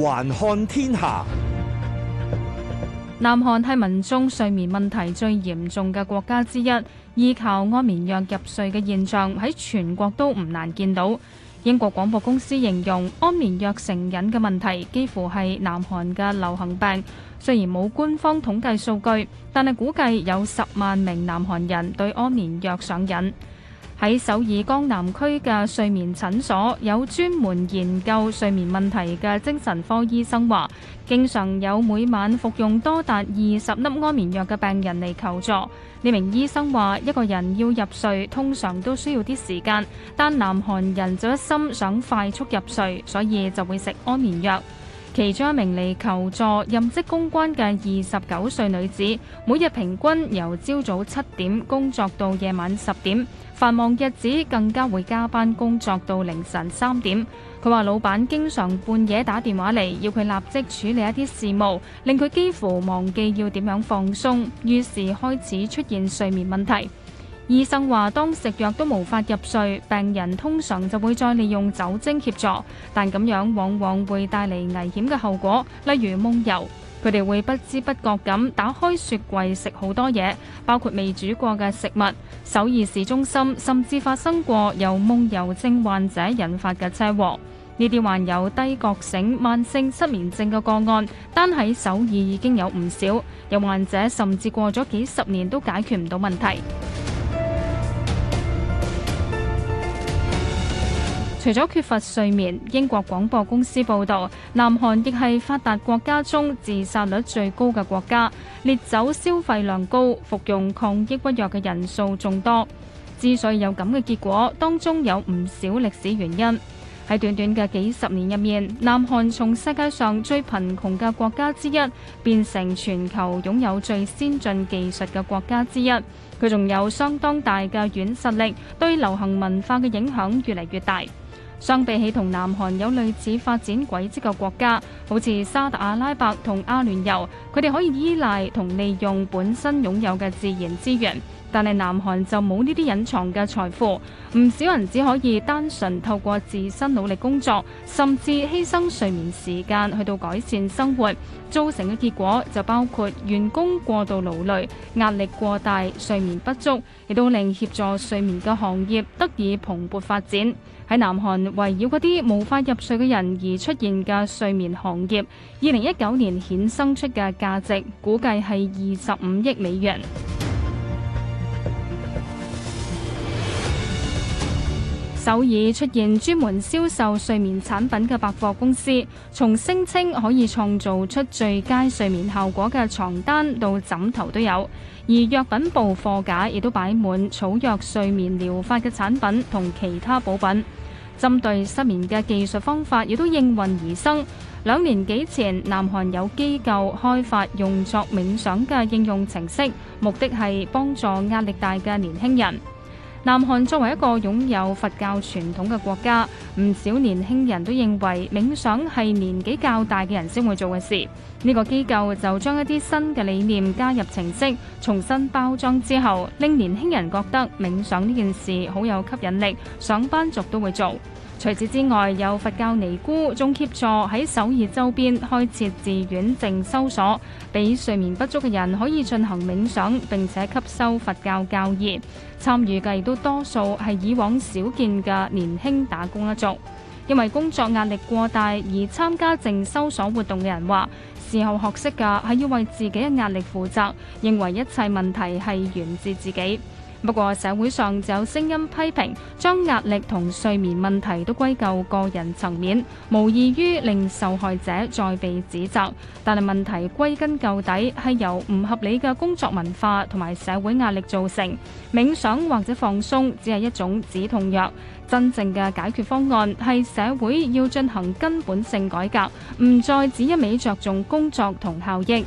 環看天下。南韓係民眾睡眠問題最嚴重嘅國家之一，依靠安眠藥入睡嘅現象喺全國都唔難見到。英國廣播公司形容安眠藥成癮嘅問題幾乎係南韓嘅流行病。雖然冇官方統計數據，但係估計有十萬名南韓人對安眠藥上癮。喺首爾江南區嘅睡眠診所有專門研究睡眠問題嘅精神科醫生話，經常有每晚服用多達二十粒安眠藥嘅病人嚟求助。呢名醫生話，一個人要入睡通常都需要啲時間，但南韓人就一心想快速入睡，所以就會食安眠藥。其中一名嚟求助任職公關嘅二十九歲女子，每日平均由朝早七點工作到夜晚十點，繁忙日子更加會加班工作到凌晨三點，佢話老闆經常半夜打電話嚟，要佢立即處理一啲事務，令佢幾乎忘記要點樣放鬆，於是開始出現睡眠問題。醫生話，當食藥都無法入睡，病人通常就會再利用酒精協助，但咁樣往往會帶嚟危險嘅後果，例如夢遊。佢哋會不知不覺咁打開雪櫃食好多嘢，包括未煮過嘅食物。首爾市中心甚至發生過由夢遊症患者引發嘅車禍。呢啲患有低覺醒慢性失眠症嘅個案，單喺首爾已經有唔少，有患者甚至過咗幾十年都解決唔到問題。除咗缺乏睡眠，英國廣播公司報道，南韓亦係發達國家中自殺率最高嘅國家，烈酒消費量高，服用抗抑鬱藥嘅人數眾多。之所以有咁嘅結果，當中有唔少歷史原因。喺短短嘅幾十年入面，南韓從世界上最貧窮嘅國家之一，變成全球擁有最先進技術嘅國家之一。佢仲有相當大嘅軟實力，對流行文化嘅影響越嚟越大。相比起同南韓有類似發展軌跡嘅國家，好似沙特阿拉伯同阿聯酋，佢哋可以依賴同利用本身擁有嘅自然資源。但係南韓就冇呢啲隱藏嘅財富，唔少人只可以單純透過自身努力工作，甚至犧牲睡眠時間去到改善生活，造成嘅結果就包括員工過度勞累、壓力過大、睡眠不足，亦都令協助睡眠嘅行業得以蓬勃發展。喺南韓圍繞嗰啲無法入睡嘅人而出現嘅睡眠行業，二零一九年衍生出嘅價值估計係二十五億美元。首爾出現專門銷售睡眠產品嘅百貨公司，從聲稱可以創造出最佳睡眠效果嘅床單到枕頭都有；而藥品部貨架亦都擺滿草藥睡眠療法嘅產品同其他補品。針對失眠嘅技術方法亦都應運而生。兩年幾前，南韓有機構開發用作冥想嘅應用程式，目的係幫助壓力大嘅年輕人。南韓作為一個擁有佛教傳統嘅國家，唔少年輕人都認為冥想係年紀較大嘅人先會做嘅事。呢個機構就將一啲新嘅理念加入程式，重新包裝之後，令年輕人覺得冥想呢件事好有吸引力，上班族都會做。除此之外，有佛教尼姑仲協助喺首爾周邊開設寺院淨修所，俾睡眠不足嘅人可以進行冥想並且吸收佛教教義。參與嘅亦都多數係以往少見嘅年輕打工一族，因為工作壓力過大而參加淨修所活動嘅人話事後學識嘅，係要為自己嘅壓力負責，認為一切問題係源自自己。不過社會上就有聲音批評，將壓力同睡眠問題都歸咎個人層面，無異於令受害者再被指責。但係問題歸根究底係由唔合理嘅工作文化同埋社會壓力造成。冥想或者放鬆只係一種止痛藥。真正嘅解決方案係社會要進行根本性改革，唔再只一味着重工作同效益。